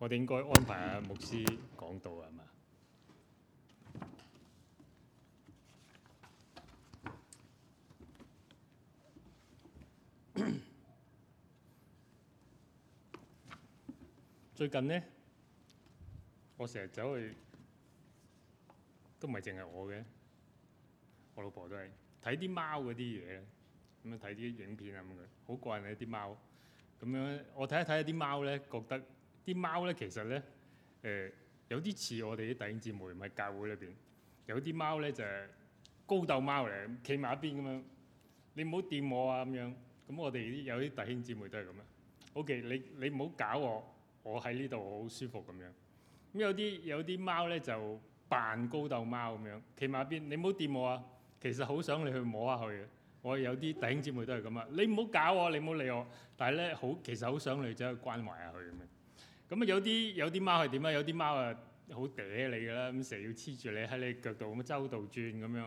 我哋應該安排阿牧師講道啊嘛！最近呢，我成日走去，都唔係淨係我嘅，我老婆都係睇啲貓嗰啲嘢，咁啊睇啲影片啊咁嘅，好過癮啊啲貓！咁樣我睇一睇啲貓呢，覺得～啲貓咧其實咧，誒有啲似我哋啲弟兄姊妹，唔係教會裏邊，有啲貓咧就係高鬥貓嚟，企埋一邊咁樣，你唔好掂我啊咁樣。咁我哋啲有啲弟兄姊妹都係咁啊。O.K. 你你唔好搞我，我喺呢度好舒服咁樣。咁有啲有啲貓咧就扮高鬥貓咁樣，企埋一邊，你唔好掂我啊。其實好想你去摸下佢嘅。我有啲弟兄姊妹都係咁啊。你唔好搞我，你唔好理我。但係咧好，其實好想女仔去關懷下佢咁樣。咁啊有啲有啲貓係點啊？有啲貓啊好嗲你㗎啦，咁成日要黐住你喺你腳度，咁周度轉咁樣。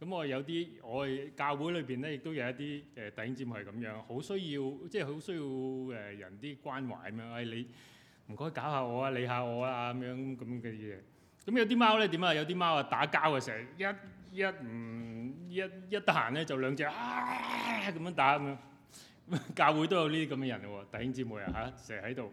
咁我有啲我教會裏邊咧，亦都有一啲誒、呃、弟兄姊妹係咁樣，好需要即係好需要誒人啲關懷嘛。誒、哎、你唔該搞下我，下我啊，理下我啊咁樣咁嘅嘢。咁有啲貓咧點啊？有啲貓啊打交啊，成日一一唔、嗯、一一得閒咧就兩隻啊咁樣打咁樣。教會都有呢啲咁嘅人喎，弟兄姊妹啊嚇，成日喺度。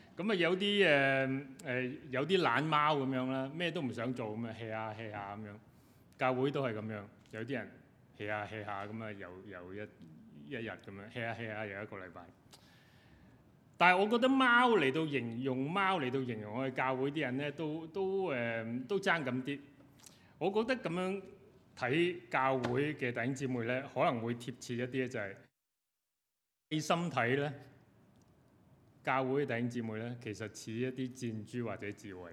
咁啊有啲誒誒有啲懶貓咁樣啦，咩都唔想做咁啊 hea 下 hea 下咁樣，教會都係咁樣，有啲人 hea 下 hea 下咁啊，啊又又一一日咁樣 hea 下 hea 下又一個禮拜。但係我覺得貓嚟到形容貓嚟到形容我哋教會啲人咧，都都誒、啊、都爭咁啲。我覺得咁樣睇教會嘅弟兄姊妹咧，可能會貼切一啲咧、就是，就係細心睇咧。教會的弟兄姊妹咧，其實似一啲箭豬或者刺蝟。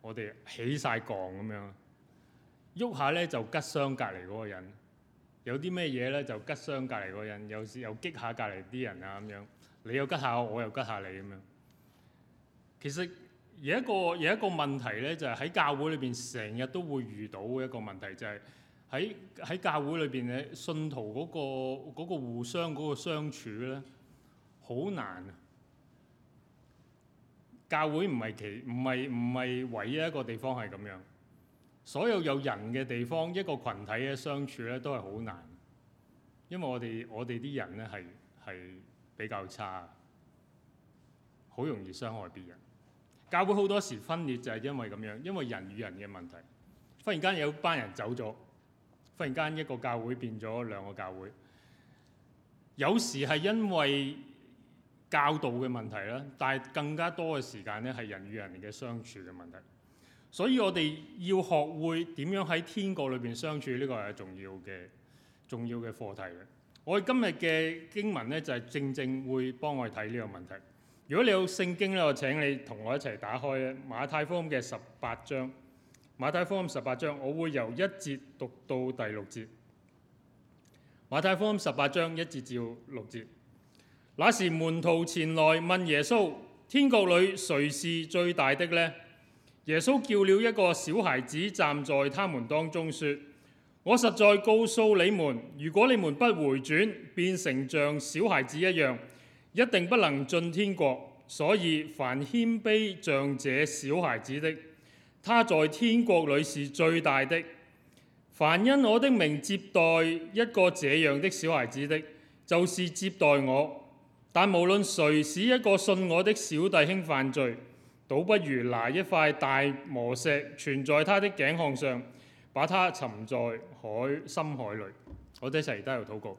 我哋起晒槓咁樣，喐下咧就拮傷隔離嗰個人，有啲咩嘢咧就拮傷隔離嗰人，有時又激下隔離啲人啊咁樣，你又拮下我，我又拮下你咁樣。其實有一個有一個問題咧，就係喺教會裏邊成日都會遇到一個問題，就係喺喺教會裏邊嘅信徒嗰、嗰個嗰個互相嗰、嗰個相處咧。好難啊！教會唔係其唔係唔係唯一一個地方係咁樣，所有有人嘅地方，一個群體嘅相處咧都係好難，因為我哋我哋啲人咧係係比較差，好容易傷害別人。教會好多時分裂就係因為咁樣，因為人與人嘅問題。忽然間有班人走咗，忽然間一個教會變咗兩個教會。有時係因為教導嘅問題啦，但係更加多嘅時間呢，係人與人嘅相處嘅問題。所以我哋要學會點樣喺天國裏邊相處，呢個係重要嘅重要嘅課題嘅。我哋今日嘅經文呢，就係正正會幫我哋睇呢個問題。如果你有聖經呢，我請你同我一齊打開咧。馬太福音嘅十八章，馬太福音十八章，我會由一節讀到第六節。馬太福音十八章一節至六節。那時門徒前來問耶穌：天國裏誰是最大的呢？耶穌叫了一個小孩子站在他們當中，說：我實在告訴你們，如果你們不回轉，變成像小孩子一樣，一定不能進天國。所以，凡謙卑像這小孩子的，他在天國裏是最大的。凡因我的名接待一個這樣的小孩子的，就是接待我。但無論誰是一個信我的小弟兄犯罪，倒不如拿一塊大磨石存在他的頸項上，把他沉在海深海裡。我哋一齊都喺度禱告。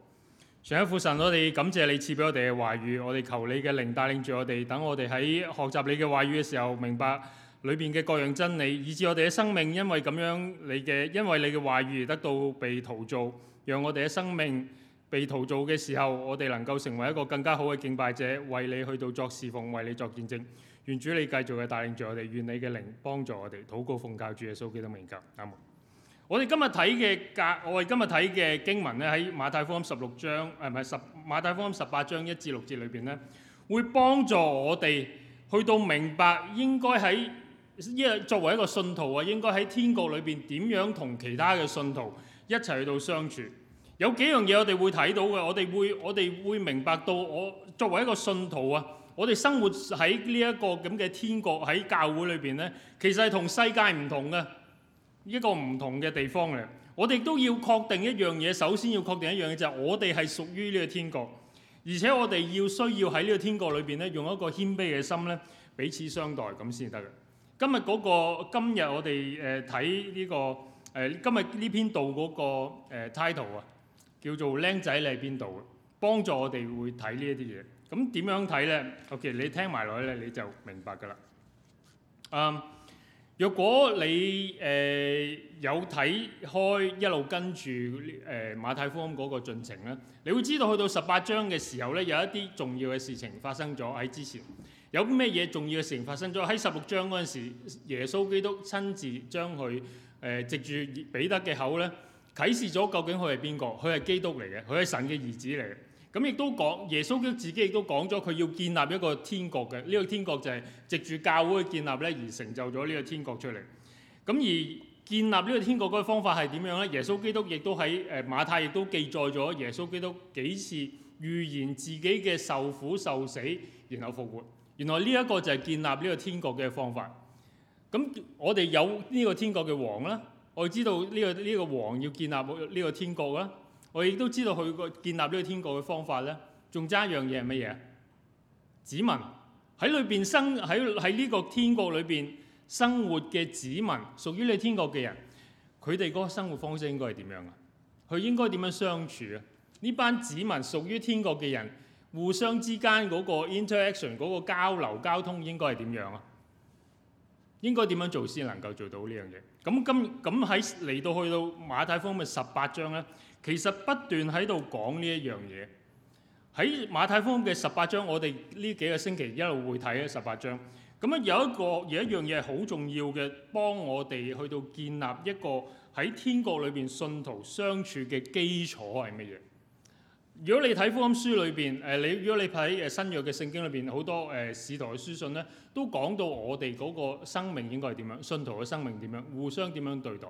上一父神，我哋感謝你賜俾我哋嘅話語，我哋求你嘅靈帶領住我哋，等我哋喺學習你嘅話語嘅時候，明白裏面嘅各樣真理，以致我哋嘅生命因為咁樣你嘅因為你嘅話語而得到被陶造，讓我哋嘅生命。被陶造嘅時候，我哋能夠成為一個更加好嘅敬拜者，為你去到作侍奉，為你作見證。願主你繼續嘅帶領住我哋，願你嘅靈幫助我哋。禱告奉教主耶穌基督名求。啱冇？我哋今日睇嘅格，我哋今日睇嘅經文咧，喺馬太福音十六章，誒唔係十馬太福音十八章一至六節裏邊咧，會幫助我哋去到明白應該喺一作為一個信徒啊，應該喺天國裏邊點樣同其他嘅信徒一齊去到相處。有幾樣嘢我哋會睇到嘅，我哋會我哋會明白到，我作為一個信徒啊，我哋生活喺呢一個咁嘅天國喺教會裏邊咧，其實係同世界唔同嘅一個唔同嘅地方嘅。我哋都要確定一樣嘢，首先要確定一樣嘢就係我哋係屬於呢個天國，而且我哋要需要喺呢個天國裏邊咧，用一個謙卑嘅心咧彼此相待咁先得嘅。今日嗰個今日我哋誒睇呢個誒今日呢篇道嗰個 title 啊。叫做 𡃁 仔你喺邊度？幫助我哋會睇呢一啲嘢。咁點樣睇呢？OK，你聽埋落去咧，你就明白㗎啦。嗯，若果你誒、呃、有睇開一路跟住誒、呃、馬太福音嗰個進程咧，你會知道去到十八章嘅時候咧，有一啲重要嘅事情發生咗喺之前。有咩嘢重要嘅事情發生咗？喺十六章嗰陣時候，耶穌基督親自將佢誒、呃、藉住彼得嘅口咧。啟示咗究竟佢係邊個？佢係基督嚟嘅，佢係神嘅兒子嚟嘅。咁亦都講耶穌基督自己亦都講咗，佢要建立一個天國嘅。呢、呢個天國就係藉住教會嘅建立咧而成就咗呢個天國出嚟。咁而建立呢個天國嗰個方法係點樣呢？耶穌基督亦都喺誒、呃、馬太亦都記載咗耶穌基督幾次預言自己嘅受苦受死，然後復活。原來呢一個就係建立呢個天國嘅方法。咁我哋有呢個天國嘅王啦。我知道呢個呢個王要建立呢個天國啦，我亦都知道佢個建立呢個天國嘅方法咧。仲爭一樣嘢係乜嘢？啊，子民喺裏邊生喺喺呢個天國裏邊生活嘅子民，屬於你天國嘅人，佢哋個生活方式應該係點樣啊？佢應該點樣相處啊？呢班子民屬於天國嘅人，互相之間嗰個 interaction 嗰個交流交通應該係點樣啊？應該點樣做先能夠做到呢樣嘢？咁今咁喺嚟到去到馬太福音嘅十八章呢，其實不斷喺度講呢一樣嘢。喺馬太福音嘅十八章，我哋呢幾個星期一路會睇咧十八章。咁樣有一個有一樣嘢係好重要嘅，幫我哋去到建立一個喺天國裏邊信徒相處嘅基礎係乜嘢？如果你睇福音書裏邊，呃，你如果你睇誒新約嘅聖經裏邊，好多誒、呃、使徒嘅書信咧，都講到我哋嗰個生命應該係點樣，信徒嘅生命點樣，互相點樣對待。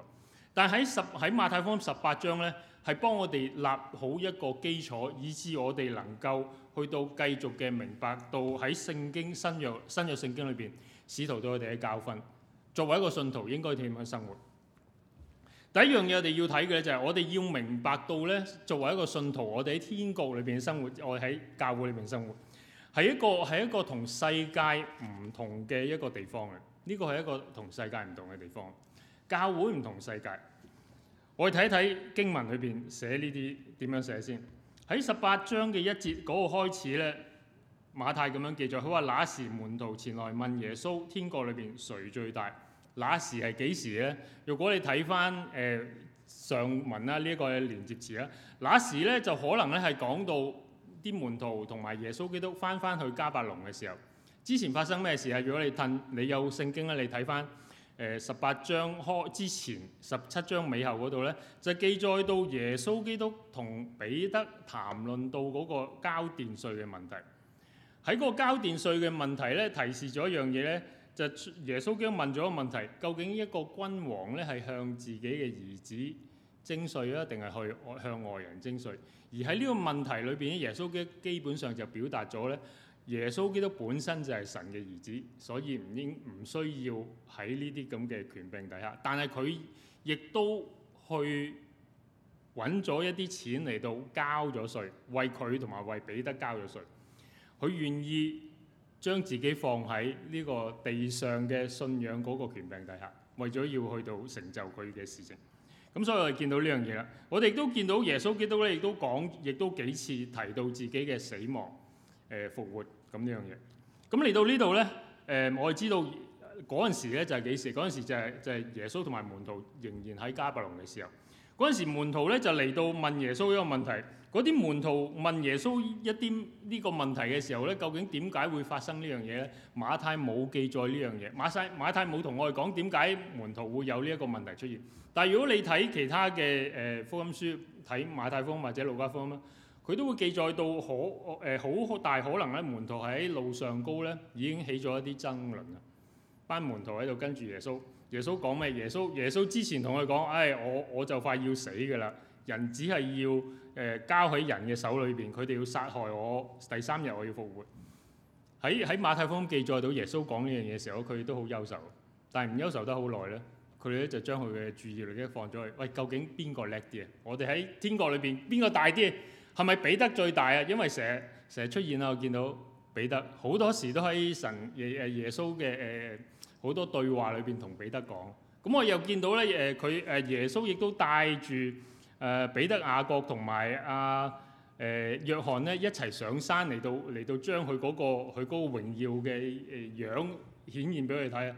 但喺十喺馬太福音十八章咧，係幫我哋立好一個基礎，以致我哋能夠去到繼續嘅明白到喺聖經新約新約聖經裏邊，使徒對我哋嘅教訓，作為一個信徒應該點樣生活。第一樣嘢我哋要睇嘅咧就係我哋要明白到咧，作為一個信徒，我哋喺天國裏邊生活，我哋喺教會裏邊生活，係一個係一個同世界唔同嘅一個地方嘅。呢個係一個同世界唔同嘅地方，教會唔同世界。我哋睇睇經文裏邊寫呢啲點樣寫先。喺十八章嘅一節嗰個開始咧，馬太咁樣記載，佢話那時門徒前來問耶穌，天國裏邊誰最大？那時係幾時呢？如果你睇翻誒上文啦、啊，呢、這、一個連接詞啦、啊，那時呢就可能咧係講到啲門徒同埋耶穌基督翻翻去迦百農嘅時候，之前發生咩事啊？如果你褪，你有聖經咧、啊，你睇翻誒十八章開之前十七章尾後嗰度呢就記載到耶穌基督同彼得談論到嗰個交殿稅嘅問題。喺嗰個交殿稅嘅問題呢，提示咗一樣嘢呢。就耶穌基督問咗個問題：究竟一個君王咧係向自己嘅兒子徵稅啊，定係去向外人徵稅？而喺呢個問題裏邊，耶穌基督基本上就表達咗咧，耶穌基督本身就係神嘅兒子，所以唔應唔需要喺呢啲咁嘅權柄底下。但係佢亦都去揾咗一啲錢嚟到交咗稅，為佢同埋為彼得交咗稅。佢願意。將自己放喺呢個地上嘅信仰嗰個權柄底下，為咗要去到成就佢嘅事情。咁所以我哋見到呢樣嘢啦。我哋亦都見到耶穌基督咧，亦都講，亦都幾次提到自己嘅死亡、誒、呃、復活咁呢樣嘢。咁嚟到呢度呢，誒、呃、我哋知道嗰陣時咧就係、是、幾時？嗰陣時就係、是、就係、是、耶穌同埋門徒仍然喺迦百農嘅時候。嗰陣時門徒呢，就嚟到問耶穌一個問題。嗰啲門徒問耶穌一啲呢個問題嘅時候呢，究竟點解會發生這件事呢樣嘢咧？馬太冇記載呢樣嘢，馬西馬太冇同我哋講點解門徒會有呢一個問題出現。但係如果你睇其他嘅誒、呃、福音書，睇馬太福音或者路加福音，佢都會記載到好，誒、呃、好大可能喺門徒喺路上高呢已經起咗一啲爭論啦。班門徒喺度跟住耶穌，耶穌講咩？耶穌耶穌之前同佢講：，誒、哎、我我就快要死㗎啦，人子係要。誒、呃、交喺人嘅手裏邊，佢哋要殺害我，第三日我要復活。喺喺馬太福音記載到耶穌講呢樣嘢時候，佢都好憂愁。但係唔憂愁得好耐咧，佢哋咧就將佢嘅注意力咧放咗去。喂，究竟邊個叻啲啊？我哋喺天國裏邊邊個大啲？係咪彼得最大啊？因為成日成日出現啦，我見到彼得好多時都喺神誒耶，耶穌嘅誒好多對話裏邊同彼得講。咁我又見到咧誒佢誒耶穌亦都帶住。誒，彼得、雅各同埋阿誒約翰咧一齊上山嚟到，嚟到將佢嗰個佢嗰個榮耀嘅誒樣顯現俾佢哋睇啊！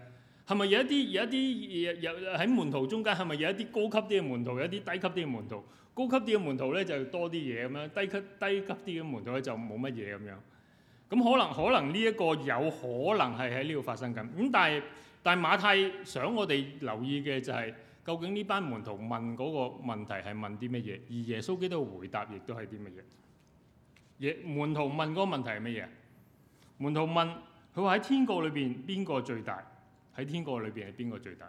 係咪有一啲有一啲有有喺門徒中間，係咪有一啲高級啲嘅門徒，有一啲低級啲嘅門徒？高級啲嘅門徒咧就多啲嘢咁樣，低級低級啲嘅門徒咧就冇乜嘢咁樣。咁可能可能呢一個有可能係喺呢度發生緊。咁但係但係馬太想我哋留意嘅就係。究竟呢班門徒問嗰個問題係問啲乜嘢？而耶穌基督回答亦都係啲乜嘢？門徒問嗰個問題係乜嘢？門徒問：佢話喺天國裏面邊個最大？喺天國裏面係邊個最大？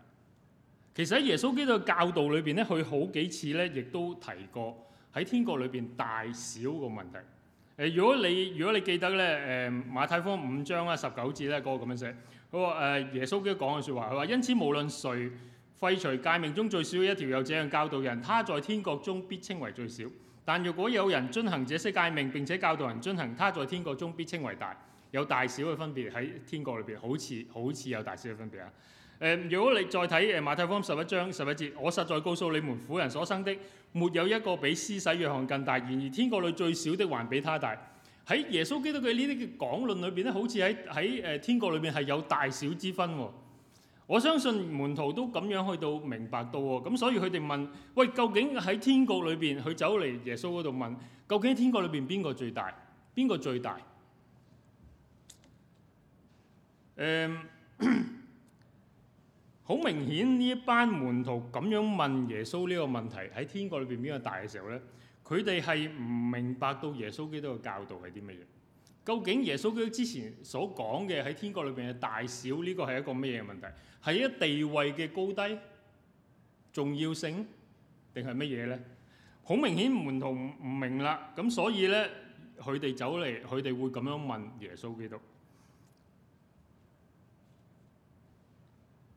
其實喺耶穌基督嘅教導裏面咧，佢好幾次咧亦都提過喺天國裏面大小嘅問題。呃。如果你如果你記得咧、呃，馬太福音五章啦十九節咧嗰個咁樣寫，佢話、呃、耶穌基督講嘅説話，佢話因此無論誰廢除誡命中最少的一條，又這樣教導人，他在天國中必稱為最少。但若果有人遵行這些誡命並且教導人遵行，他在天國中必稱為大。有大小嘅分別喺天國裏邊，好似好似有大小嘅分別啊。誒、呃，如果你再睇誒、啊、馬太福音十一章十一節，我實在告訴你們，婦人所生的沒有一個比施洗約翰更大。然而天國裏最小的還比他大。喺耶穌基督嘅呢啲嘅講論裏邊咧，好似喺喺誒天國裏邊係有大小之分喎。我相信門徒都咁樣去到明白到喎，咁所以佢哋問：喂，究竟喺天國裏邊佢走嚟耶穌嗰度問，究竟喺天國裏邊邊個最大？邊個最大？誒、嗯，好明顯呢一班門徒咁樣問耶穌呢個問題喺天國裏邊邊個大嘅時候呢，佢哋係唔明白到耶穌基督嘅教導係啲乜嘢。究竟耶穌基督之前所講嘅喺天國裏邊嘅大小呢個係一個咩問題？係一地位嘅高低、重要性定係乜嘢咧？好明顯門徒唔明啦，咁所以咧佢哋走嚟，佢哋會咁樣問耶穌基督。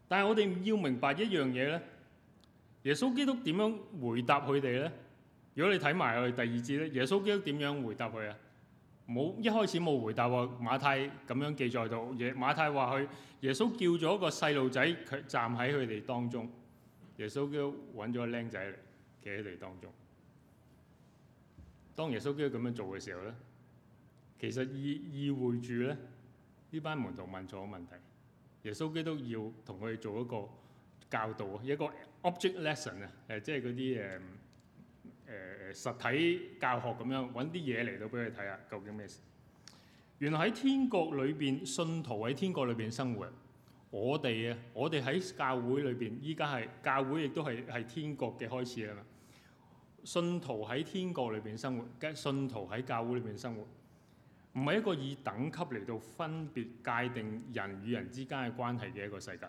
但係我哋要明白一樣嘢咧，耶穌基督點樣回答佢哋咧？如果你睇埋去第二節咧，耶穌基督點樣回答佢啊？冇一開始冇回答喎，馬太咁樣記載到嘢。馬太話佢，耶穌叫咗個細路仔，佢站喺佢哋當中。耶穌基督揾咗個 𡃁 仔嚟，企喺佢哋當中。當耶穌基督咁樣做嘅時候咧，其實意意會住咧，呢班門徒問錯問題。耶穌基督要同佢哋做一個教導啊，一個 object lesson 啊，誒，即係嗰啲誒。誒實體教學咁樣揾啲嘢嚟到俾佢睇下究竟咩事？原來喺天國裏邊，信徒喺天國裏邊生活。我哋啊，我哋喺教會裏邊，依家係教會亦都係係天國嘅開始啊嘛！信徒喺天國裏邊生活，信徒喺教會裏邊生活，唔係一個以等級嚟到分別界定人與人之間嘅關係嘅一個世界。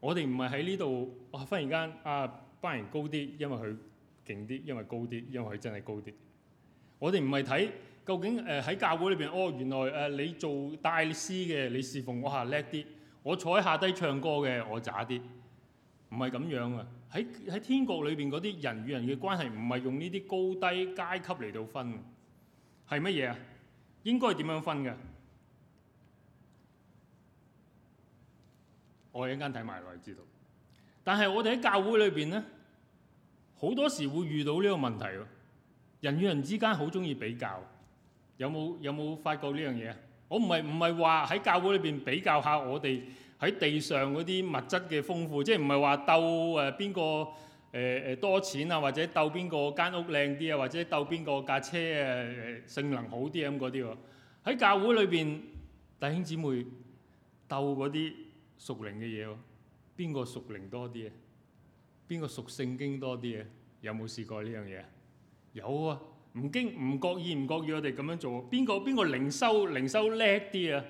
我哋唔係喺呢度，啊忽然間啊！班人高啲，因為佢勁啲，因為高啲，因為佢真係高啲。我哋唔係睇究竟誒喺、呃、教會裏邊，哦，原來誒、呃、你做大師嘅，你侍奉我下叻啲，我坐喺下低唱歌嘅，我渣啲，唔係咁樣啊！喺喺天國裏邊嗰啲人與人嘅關係，唔係用呢啲高低階級嚟到分，係乜嘢啊？應該係點樣分嘅？我哋一陣睇埋落去知道。但係我哋喺教會裏邊咧，好多時會遇到呢個問題喎。人與人之間好中意比較，有冇有冇發覺呢樣嘢啊？我唔係唔係話喺教會裏邊比較下我哋喺地上嗰啲物質嘅豐富，即係唔係話鬥誒邊個誒誒、呃、多錢啊，或者鬥邊個間屋靚啲啊，或者鬥邊個架車誒誒性能好啲咁嗰啲喎。喺教會裏邊弟兄姊妹鬥嗰啲屬靈嘅嘢喎。邊個熟靈多啲啊？邊個熟聖經多啲啊？有冇試過呢樣嘢有啊，唔經唔覺意唔覺意，覺意我哋咁樣做。邊個邊個靈修靈修叻啲啊？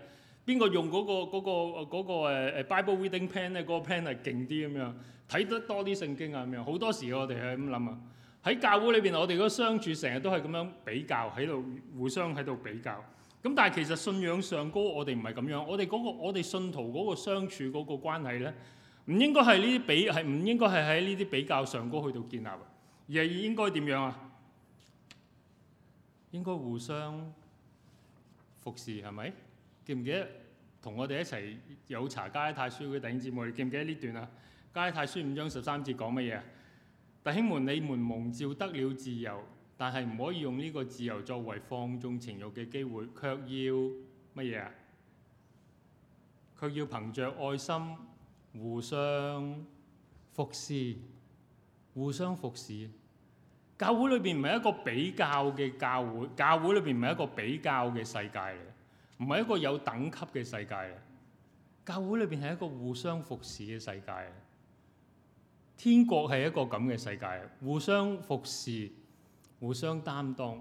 邊個用嗰個嗰個嗰個 Bible reading pen 咧，嗰個 pen 係勁啲咁樣，睇得多啲聖經啊咁樣。好多時我哋係咁諗啊。喺教會裏邊，我哋嗰個相處成日都係咁樣比較，喺度互相喺度比較。咁但係其實信仰上高，我哋唔係咁樣。我哋嗰個我哋信徒嗰個相處嗰個關係咧。唔應該係呢啲比係，唔應該係喺呢啲比較上高去到建立嘅，而係應該點樣啊？應該互相服侍係咪？記唔記得同我哋一齊有查加拉太書嘅頂節目？我哋記唔記得呢段啊？加拉太書五章十三節講乜嘢啊？弟兄們，你們蒙召得了自由，但係唔可以用呢個自由作為放縱情欲嘅機會，卻要乜嘢啊？卻要憑著愛心。互相服侍，互相服侍。教會裏邊唔係一個比較嘅教會，教會裏邊唔係一個比較嘅世界嚟，唔係一個有等級嘅世界嚟。教會裏邊係一個互相服侍嘅世界。天國係一個咁嘅世界，互相服侍，互相擔當，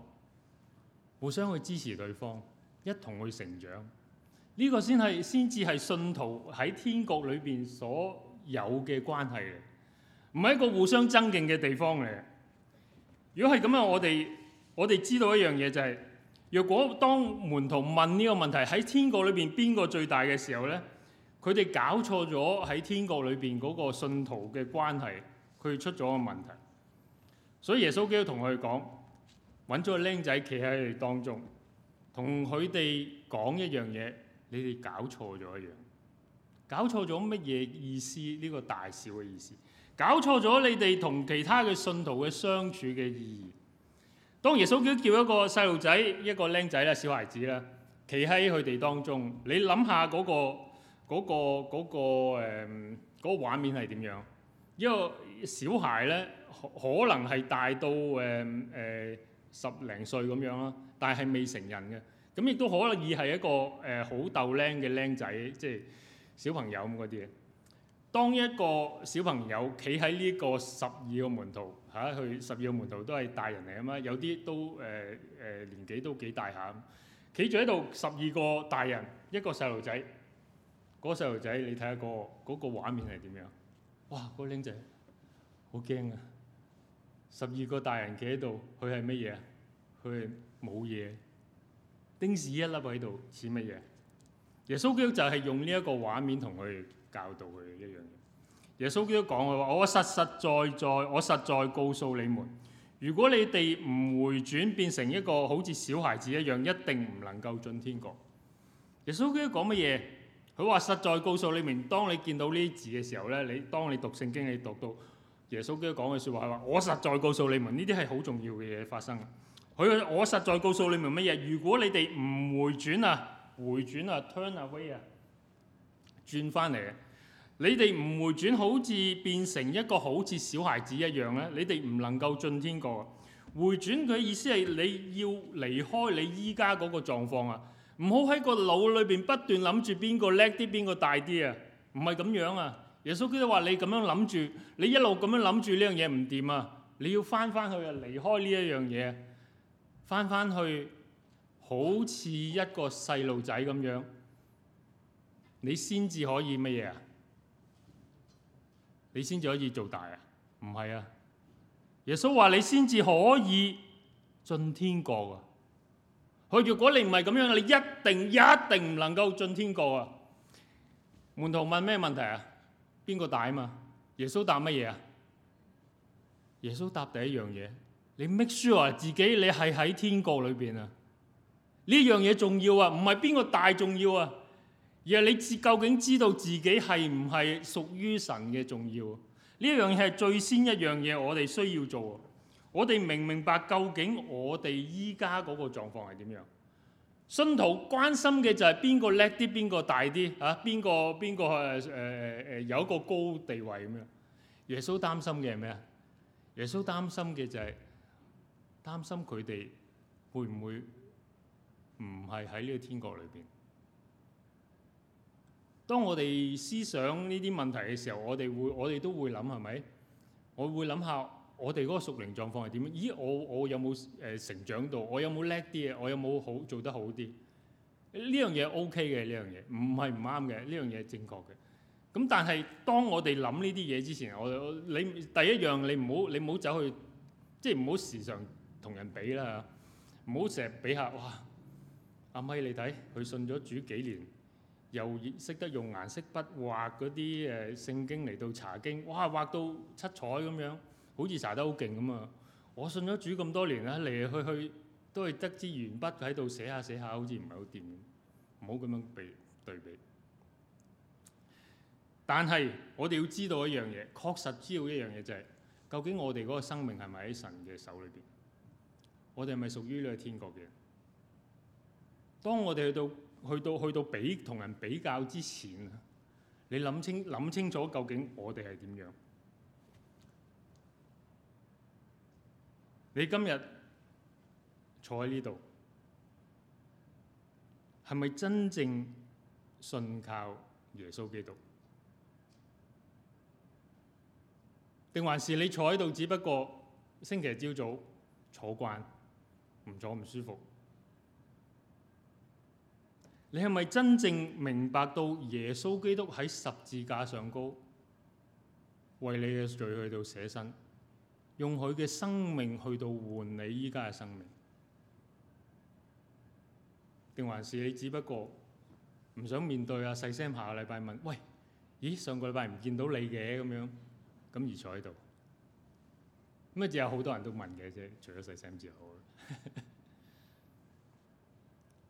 互相去支持對方，一同去成長。呢、這個先係先至係信徒喺天國裏邊所有嘅關係嚟，唔係一個互相爭競嘅地方嚟。如果係咁樣，我哋我哋知道一樣嘢就係、是，若果當門徒問呢個問題喺天國裏邊邊個最大嘅時候咧，佢哋搞錯咗喺天國裏邊嗰個信徒嘅關係，佢出咗個問題。所以耶穌基督同佢講，揾咗個僆仔企喺當中，同佢哋講一樣嘢。你哋搞錯咗一樣，搞錯咗乜嘢意思？呢個大小嘅意思，搞錯咗你哋同其他嘅信徒嘅相處嘅意義。當耶穌基督叫一個細路仔、一個 𡃁 仔啦、小孩子啦，企喺佢哋當中，你諗下嗰個嗰個嗰個誒嗰畫面係點樣？一個小孩咧可能係大到誒誒十零歲咁樣啦，但係未成人嘅。咁亦都可能已係一個誒好鬥靚嘅 𡃁 仔，即係小朋友咁嗰啲嘅。當一個小朋友企喺呢個十二個門徒吓，佢十二個門徒都係大人嚟啊嘛，有啲都誒誒、呃呃、年紀都幾大下。企住喺度十二個大人，一個細路仔，嗰、嗰個細路仔你睇下、嗰個嗰、嗰個畫面係點樣？哇！嗰、嗰個 𡃁 仔好驚啊！十二個大人企喺度，佢係乜嘢？佢係冇嘢。丁子一粒喺度似乜嘢？耶穌基督就係用呢一個畫面同佢教導佢一樣嘅。耶穌基督講佢話：我實實在在，我實在告訴你們，如果你哋唔回轉變成一個好似小孩子一樣，一定唔能夠進天國。耶穌基督講乜嘢？佢話實在告訴你們當你見到呢啲字嘅時候呢，你當你讀聖經，你讀到耶穌基督講嘅說話，佢話我實在告訴你們，呢啲係好重要嘅嘢發生。佢，我實在告訴你明乜嘢？如果你哋唔回轉啊，回轉啊，turn away 啊，轉翻嚟啊。你哋唔回轉，好似變成一個好似小孩子一樣咧，啊。你哋唔能夠進天國，啊。回轉，佢意思係你要離開你依家嗰個狀況啊，唔好喺個腦裏邊不斷諗住邊個叻啲，邊個大啲啊。唔係咁樣啊。耶穌基督話你咁樣諗住，你一路咁樣諗住呢樣嘢唔掂啊。你要翻翻去啊，離開呢一樣嘢。翻返去，好似一個細路仔咁樣，你先至可以乜嘢啊？你先至可以做大啊？唔係啊！耶穌話你先至可以進天國啊！佢如果你唔係咁樣，你一定一定唔能夠進天國啊！門徒問咩問題啊？邊個大啊嘛？耶穌答乜嘢啊？耶穌答第一樣嘢。你 make sure 自己你係喺天國裏邊啊？呢樣嘢重要啊，唔係邊個大重要啊？而係你知究竟知道自己係唔係屬於神嘅重要？呢樣嘢係最先一樣嘢，我哋需要做。我哋明唔明白究竟我哋依家嗰個狀況係點樣？信徒關心嘅就係邊個叻啲，邊個大啲啊？邊個邊個誒誒誒有一個高地位咁樣？耶穌擔心嘅係咩啊？耶穌擔心嘅就係。擔心佢哋會唔會唔係喺呢個天國裏邊？當我哋思想呢啲問題嘅時候，我哋會我哋都會諗係咪？我會諗下我哋嗰個屬靈狀況係點樣？咦，我我有冇誒成長到？我有冇叻啲嘅？我有冇好做得好啲？呢樣嘢 OK 嘅，呢樣嘢唔係唔啱嘅，呢樣嘢係正確嘅。咁但係當我哋諗呢啲嘢之前，我哋你第一樣你唔好你唔好走去，即係唔好時常。同人比啦嚇，唔好成日比下哇！阿咪你睇佢信咗主幾年，又識得用顏色筆畫嗰啲誒聖經嚟到查經，哇畫到七彩咁樣，好似查得好勁咁啊！我信咗主咁多年啦，嚟嚟去去都係得支鉛筆喺度寫下寫下，好似唔係好掂咁，唔好咁樣比對比。但係我哋要知道一樣嘢，確實知道一樣嘢，就係究竟我哋嗰個生命係咪喺神嘅手裏邊？我哋係咪屬於呢個天國嘅？當我哋去到去到去到比同人比較之前，你諗清諗清楚究竟我哋係點樣？你今日坐喺呢度，係咪真正信靠耶穌基督？定還是你坐喺度，只不過星期朝早坐慣？唔坐唔舒服，你係咪真正明白到耶穌基督喺十字架上高，為你嘅罪去到捨身，用佢嘅生命去到換你依家嘅生命？定還是你只不過唔想面對啊？細聲，下個禮拜問喂，咦上個禮拜唔見到你嘅咁樣，咁而坐喺度。咁啊，只有好多人都問嘅啫，除咗細聲 SMS 好呵呵，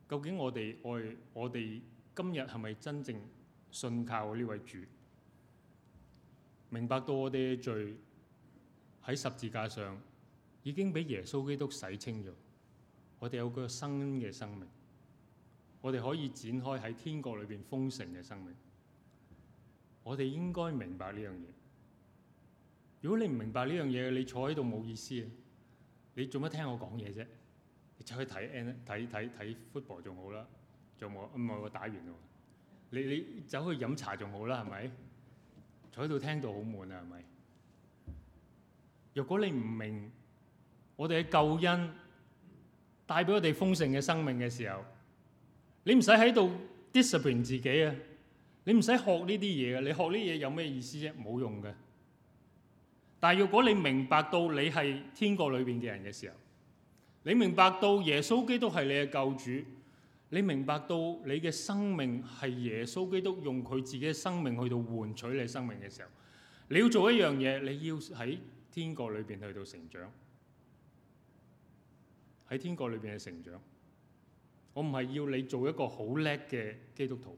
究竟我哋愛我哋今日係咪真正信靠呢位主？明白到我哋嘅罪喺十字架上已經俾耶穌基督洗清咗，我哋有個新嘅生命，我哋可以展開喺天國裏邊豐盛嘅生命。我哋應該明白呢樣嘢。如果你唔明白呢樣嘢，你坐喺度冇意思啊！你做乜聽我講嘢啫？你走去睇睇睇睇 football 仲好啦，仲冇唔係我打完。你你走去飲茶仲好啦，係咪？坐喺度聽到好悶啊，係咪？若果你唔明我哋嘅救恩帶俾我哋豐盛嘅生命嘅時候，你唔使喺度 discipline 自己啊！你唔使學呢啲嘢嘅，你學呢啲嘢有咩意思啫？冇用嘅。但係，如果你明白到你係天國裏邊嘅人嘅時候，你明白到耶穌基督係你嘅救主，你明白到你嘅生命係耶穌基督用佢自己嘅生命去到換取你生命嘅時候，你要做一樣嘢，你要喺天國裏邊去到成長，喺天國裏邊去成長。我唔係要你做一個好叻嘅基督徒，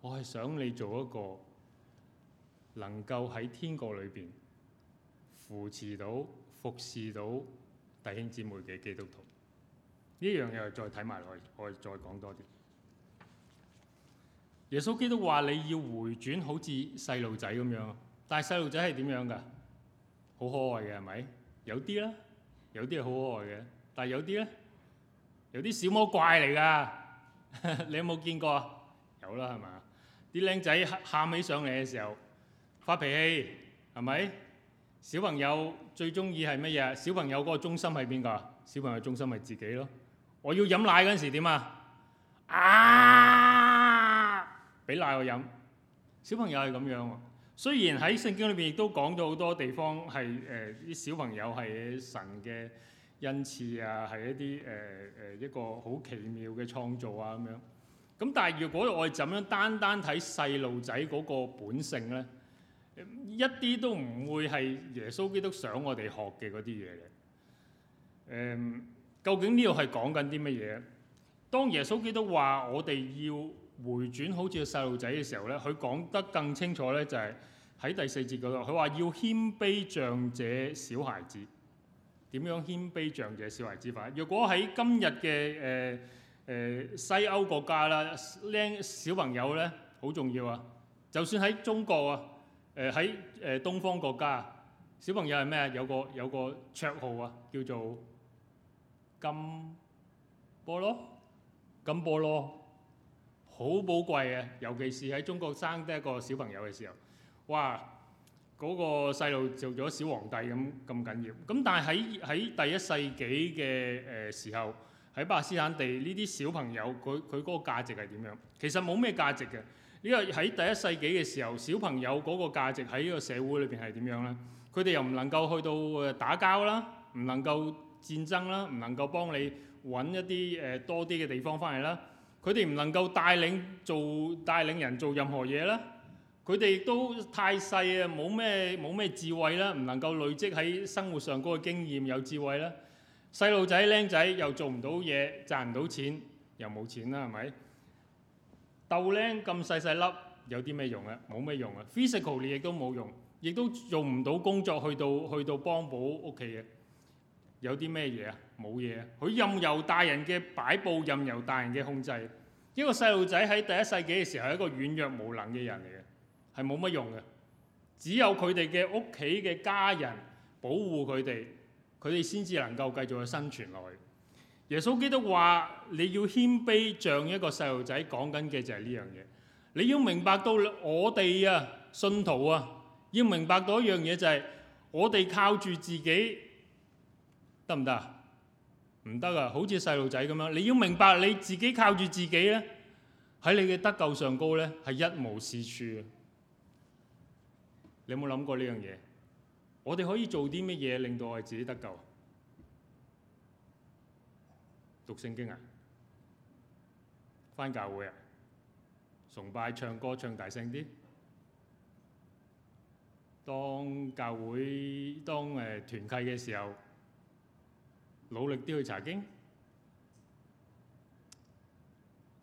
我係想你做一個。能夠喺天國裏邊扶持到，服侍到弟兄姊妹嘅基督徒，呢樣嘢我再睇埋落去，我哋再講多啲。耶穌基督話：你要回轉，好似細路仔咁樣。但係細路仔係點樣㗎？好可愛嘅係咪？有啲啦，有啲係好可愛嘅，但係有啲咧，有啲小魔怪嚟㗎。你有冇見過？有啦，係咪？啲 𡃁 仔喊起上嚟嘅時候發脾氣係咪？小朋友最中意係乜嘢？小朋友嗰個中心係邊個？小朋友的中心係自己咯。我要飲奶嗰陣時點啊？啊！俾奶我飲。小朋友係咁樣喎、啊。雖然喺聖經裏面亦都講咗好多地方係誒啲小朋友係神嘅恩賜啊，係一啲誒誒一個好奇妙嘅創造啊咁樣。咁但係如果我哋就咁樣單單睇細路仔嗰個本性咧？一啲都唔會係耶穌基督想我哋學嘅嗰啲嘢嘅。誒，究竟呢度係講緊啲乜嘢？當耶穌基督話我哋要回轉，好似個細路仔嘅時候呢，佢講得更清楚呢，就係喺第四節嗰度，佢話要謙卑像這小孩子。點樣謙卑像這小孩子法？如果喺今日嘅誒誒西歐國家啦，僆小朋友呢好重要啊！就算喺中國啊～誒喺誒東方國家，小朋友係咩啊？有個有個綽號啊，叫做金菠蘿，金菠蘿，好寶貴嘅啊。尤其是喺中國生得一個小朋友嘅時候，哇！嗰個細路做咗小皇帝咁咁緊要。咁但係喺喺第一世紀嘅誒時候，喺巴勒斯坦地呢啲小朋友，佢佢嗰個價值係點樣？其實冇咩價值嘅。呢個喺第一世紀嘅時候，小朋友嗰個價值喺呢個社會裏邊係點樣呢？佢哋又唔能夠去到誒打交啦，唔能夠戰爭啦，唔能夠幫你揾一啲誒、呃、多啲嘅地方翻嚟啦。佢哋唔能夠帶領做帶領人做任何嘢啦。佢哋亦都太細啊，冇咩冇咩智慧啦，唔能夠累積喺生活上嗰個經驗有智慧啦。細路仔 𡃁 仔又做唔到嘢，賺唔到錢，又冇錢啦，係咪？豆鈴咁細細粒有啲咩用啊？冇咩用啊！Physical 你亦都冇用，亦都用唔到工作去到去到幫補屋企嘅有啲咩嘢啊？冇嘢，佢任由大人嘅擺佈，任由大人嘅控制。一個細路仔喺第一世紀嘅時候係一個軟弱無能嘅人嚟嘅，係冇乜用嘅。只有佢哋嘅屋企嘅家人保護佢哋，佢哋先至能夠繼續去生存落去。耶穌基督話：你要謙卑，像一個細路仔。講緊嘅就係呢樣嘢。你要明白到我哋啊，信徒啊，要明白到一樣嘢就係我哋靠住自己得唔得啊？唔得啊！好似細路仔咁樣。你要明白你自己靠住自己咧，喺你嘅得救上高咧，係一無是處。你有冇諗過呢樣嘢？我哋可以做啲乜嘢令到我哋自己得救？讀聖經啊，返教會啊，崇拜唱歌唱大聲啲，當教會當誒團契嘅時候，努力啲去查經，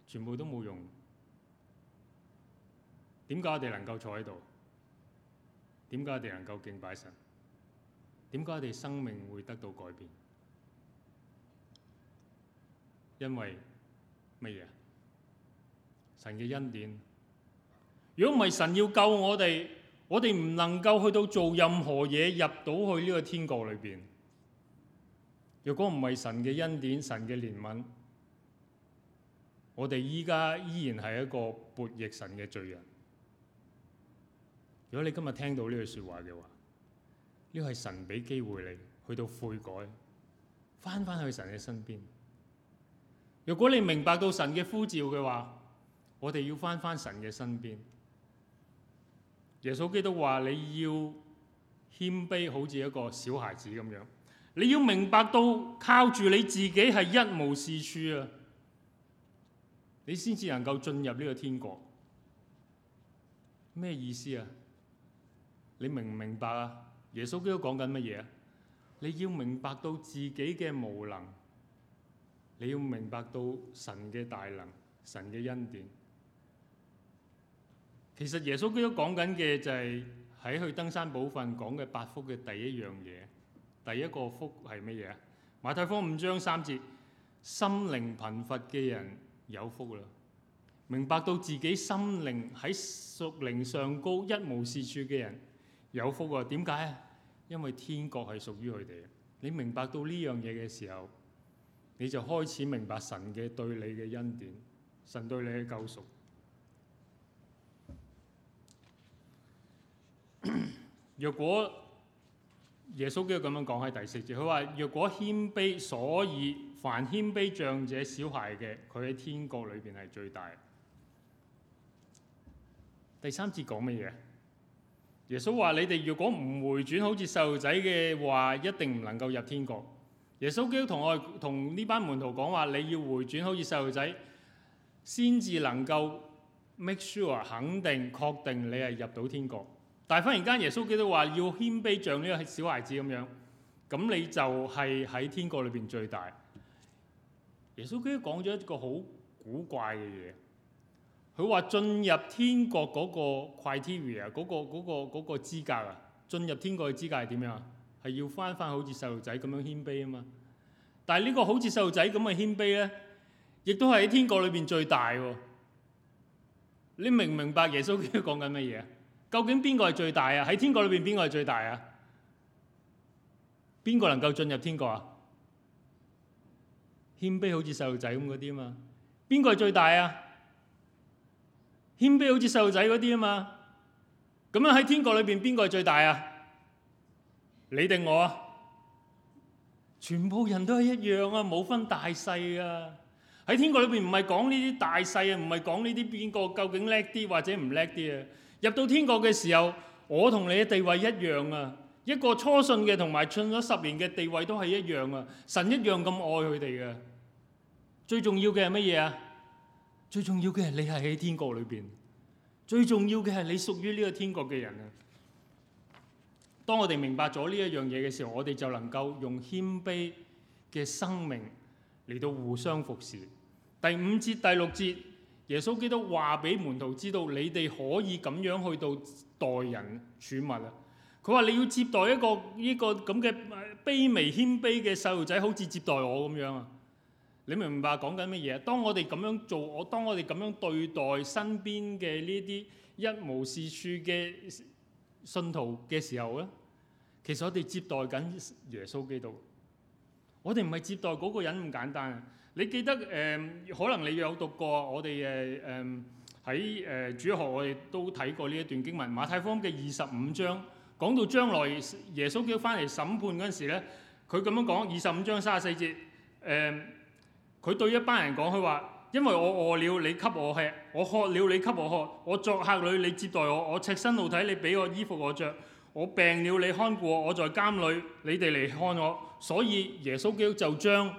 全部都冇用。點解我哋能夠坐喺度？點解我哋能夠敬拜神？點解我哋生命會得到改變？因為乜嘢？神嘅恩典，如果唔係神要救我哋，我哋唔能夠去到做任何嘢，入到去呢個天國裏邊。若果唔係神嘅恩典，神嘅憐憫，我哋依家依然係一個悖逆神嘅罪人。如果你今日聽到呢句說話嘅話，呢個係神俾機會你去到悔改，翻翻去神嘅身邊。如果你明白到神嘅呼召嘅話，我哋要翻返神嘅身邊。耶穌基督話：你要謙卑，好似一個小孩子咁樣。你要明白到靠住你自己係一無是處啊！你先至能夠進入呢個天國。咩意思啊？你明唔明白啊？耶穌基督講緊乜嘢？你要明白到自己嘅無能。你要明白到神嘅大能、神嘅恩典。其實耶穌基督講緊嘅就係喺去登山寶訓講嘅八福嘅第一樣嘢，第一個福係乜嘢？馬太福音五章三節：心靈貧乏嘅人有福啦！明白到自己心靈喺屬靈上高一無是處嘅人有福啊。點解啊？因為天國係屬於佢哋。你明白到呢樣嘢嘅時候，你就開始明白神嘅對你嘅恩典，神對你嘅救贖。若 果耶穌都咁樣講喺第四節，佢話：若果謙卑，所以凡謙卑像這小孩嘅，佢喺天國裏面係最大。第三節講乜嘢？耶穌話：你哋如果唔回轉，好似細路仔嘅話，一定唔能夠入天國。」耶穌基督同我同呢班門徒講話，你要回轉好似細路仔，先至能夠 make sure 肯定確定你係入到天國。但係忽然間，耶穌基督話要謙卑像呢個小孩子咁樣，咁你就係喺天國裏面最大。耶穌基督講咗一個好古怪嘅嘢，佢話進入天國嗰個 criteria 嗰個嗰個嗰個資格啊，進入天國嘅資格係點樣啊？係要翻翻好似細路仔咁樣謙卑啊嘛！但係呢個好似細路仔咁嘅謙卑咧，亦都係喺天國裏邊最大。你明唔明白耶穌基督講緊乜嘢？究竟邊個係最大啊？喺天國裏邊邊個係最大啊？邊個能夠進入天國啊？謙卑好似細路仔咁嗰啲啊嘛？邊個係最大啊？謙卑好似細路仔嗰啲啊嘛？咁樣喺天國裏邊邊個係最大啊？你定我啊？全部人都係一樣啊，冇分大細啊。喺天國裏邊唔係講呢啲大細啊，唔係講呢啲邊個究竟叻啲或者唔叻啲啊。入到天國嘅時候，我同你嘅地位一樣啊。一個初信嘅同埋信咗十年嘅地位都係一樣啊。神一樣咁愛佢哋嘅。最重要嘅係乜嘢啊？最重要嘅係你係喺天國裏邊。最重要嘅係你，你屬於呢個天國嘅人啊。當我哋明白咗呢一樣嘢嘅時候，我哋就能夠用謙卑嘅生命嚟到互相服侍。第五節第六節，耶穌基督話俾門徒知道，你哋可以咁樣去到待人處物啊。佢話你要接待一個呢個咁嘅卑微謙卑嘅細路仔，好似接待我咁樣啊。你明唔明白講緊乜嘢？當我哋咁樣做，我當我哋咁樣對待身邊嘅呢啲一無是處嘅信徒嘅時候咧，其實我哋接待緊耶穌基督。我哋唔係接待嗰個人咁簡單啊！你記得誒、呃，可能你有讀過我哋誒誒喺誒主學，我哋都睇過呢一段經文，《馬太福音》嘅二十五章，講到將來耶穌基督翻嚟審判嗰陣時咧，佢咁樣講：二十五章三十四節，誒、呃，佢對一班人講，佢話。因為我餓了，你給我吃；我渴了，你給我喝；我作客旅，你接待我；我赤身露體，你俾我衣服我着；我病了，你看顧我；我在監裏，你哋嚟看我。所以耶穌基督就將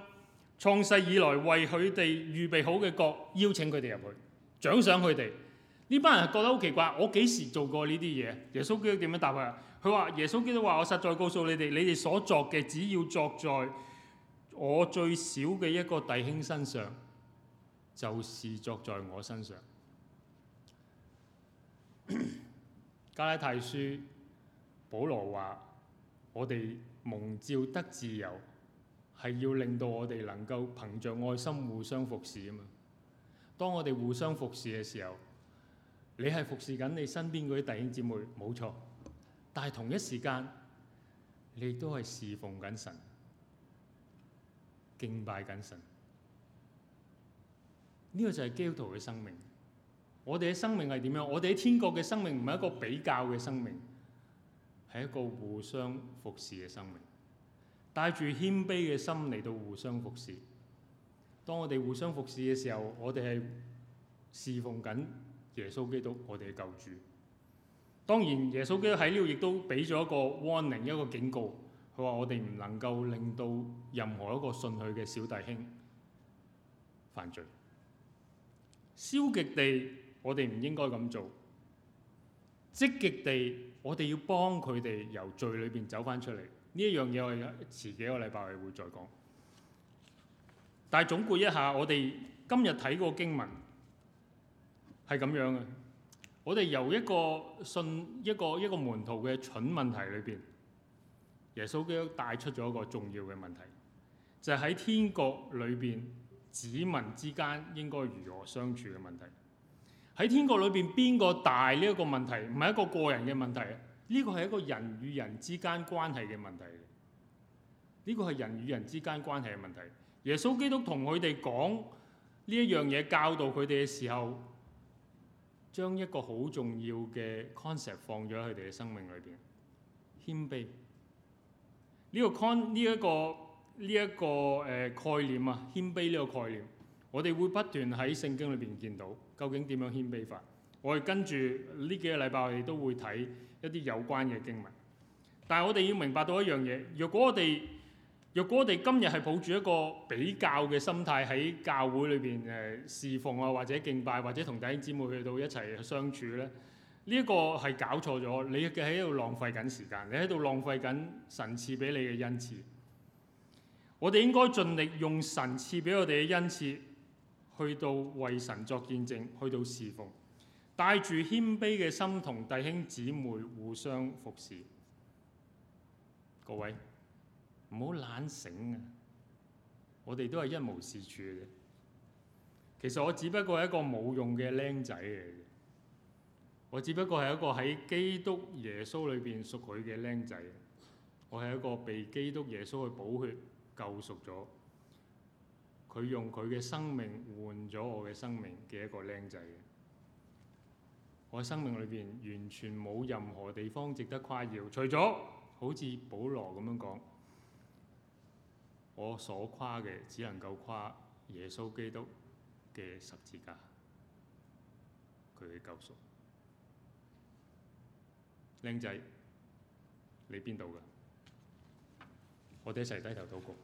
創世以來為佢哋預備好嘅國，邀請佢哋入去，獎賞佢哋。呢班人覺得好奇怪，我幾時做過呢啲嘢？耶穌基督點樣答佢啊？佢話：耶穌基督話，我實在告訴你哋，你哋所作嘅，只要作在我最小嘅一個弟兄身上，就是作在我身上。 加拉太書，保羅話：我哋蒙召得自由，係要令到我哋能夠憑着愛心互相服侍啊嘛。當我哋互相服侍嘅時候，你係服侍緊你身邊嗰啲弟兄姊妹，冇錯。但係同一時間，你都係侍奉緊神，敬拜緊神。呢個就係基督嘅生命。我哋嘅生命係點樣？我哋喺天國嘅生命唔係一個比較嘅生命，係一個互相服侍嘅生命。帶住謙卑嘅心嚟到互相服侍。當我哋互相服侍嘅時候，我哋係侍奉緊耶穌基督，我哋嘅救主。當然，耶穌基督喺呢度亦都俾咗一個 warning，一個警告。佢話我哋唔能夠令到任何一個信佢嘅小弟兄犯罪。消極地，我哋唔應該咁做；積極地，我哋要幫佢哋由罪裏邊走返出嚟。呢一樣嘢我係遲幾個禮拜係會再講。但係總括一下，我哋今日睇嗰個經文係咁樣嘅。我哋由一個信一個一個門徒嘅蠢問題裏邊，耶穌基督帶出咗一個重要嘅問題，就係喺天國裏邊，子民之間應該如何相處嘅問題，喺天國裏邊邊個大呢一個問題，唔係一個個人嘅問題啊，呢個係一個人與人之間關係嘅問題。呢個係人與人之間關係嘅問題。耶穌基督同佢哋講呢一樣嘢，教導佢哋嘅時候，將一個好重要嘅 concept 放咗喺佢哋嘅生命裏邊，謙卑。呢個 con 呢一個。呢一個誒概念啊，謙卑呢個概念，我哋會不斷喺聖經裏邊見到，究竟點樣謙卑法？我哋跟住呢幾個禮拜，我哋都會睇一啲有關嘅經文。但係我哋要明白到一樣嘢，若果我哋若果我哋今日係抱住一個比較嘅心態喺教會裏邊誒侍奉啊，或者敬拜，或者同弟兄姊妹去到一齊相處咧，呢一個係搞錯咗。你喺度浪費緊時間，你喺度浪費緊神賜俾你嘅恩賜。我哋應該盡力用神賜俾我哋嘅恩賜，去到為神作見證，去到侍奉，帶住謙卑嘅心同弟兄姊妹互相服侍。各位，唔好懶醒啊！我哋都係一無是處嘅，其實我只不過係一個冇用嘅僆仔嚟嘅，我只不過係一個喺基督耶穌裏邊屬佢嘅僆仔，我係一個被基督耶穌去補血，救贖咗，佢用佢嘅生命換咗我嘅生命嘅一個 𡃁 仔。我嘅生命裏邊完全冇任何地方值得誇耀，除咗好似保羅咁樣講，我所誇嘅只能夠誇耶穌基督嘅十字架，佢嘅救贖，𡃁 仔，你邊度㗎？我哋一齊低頭禱告。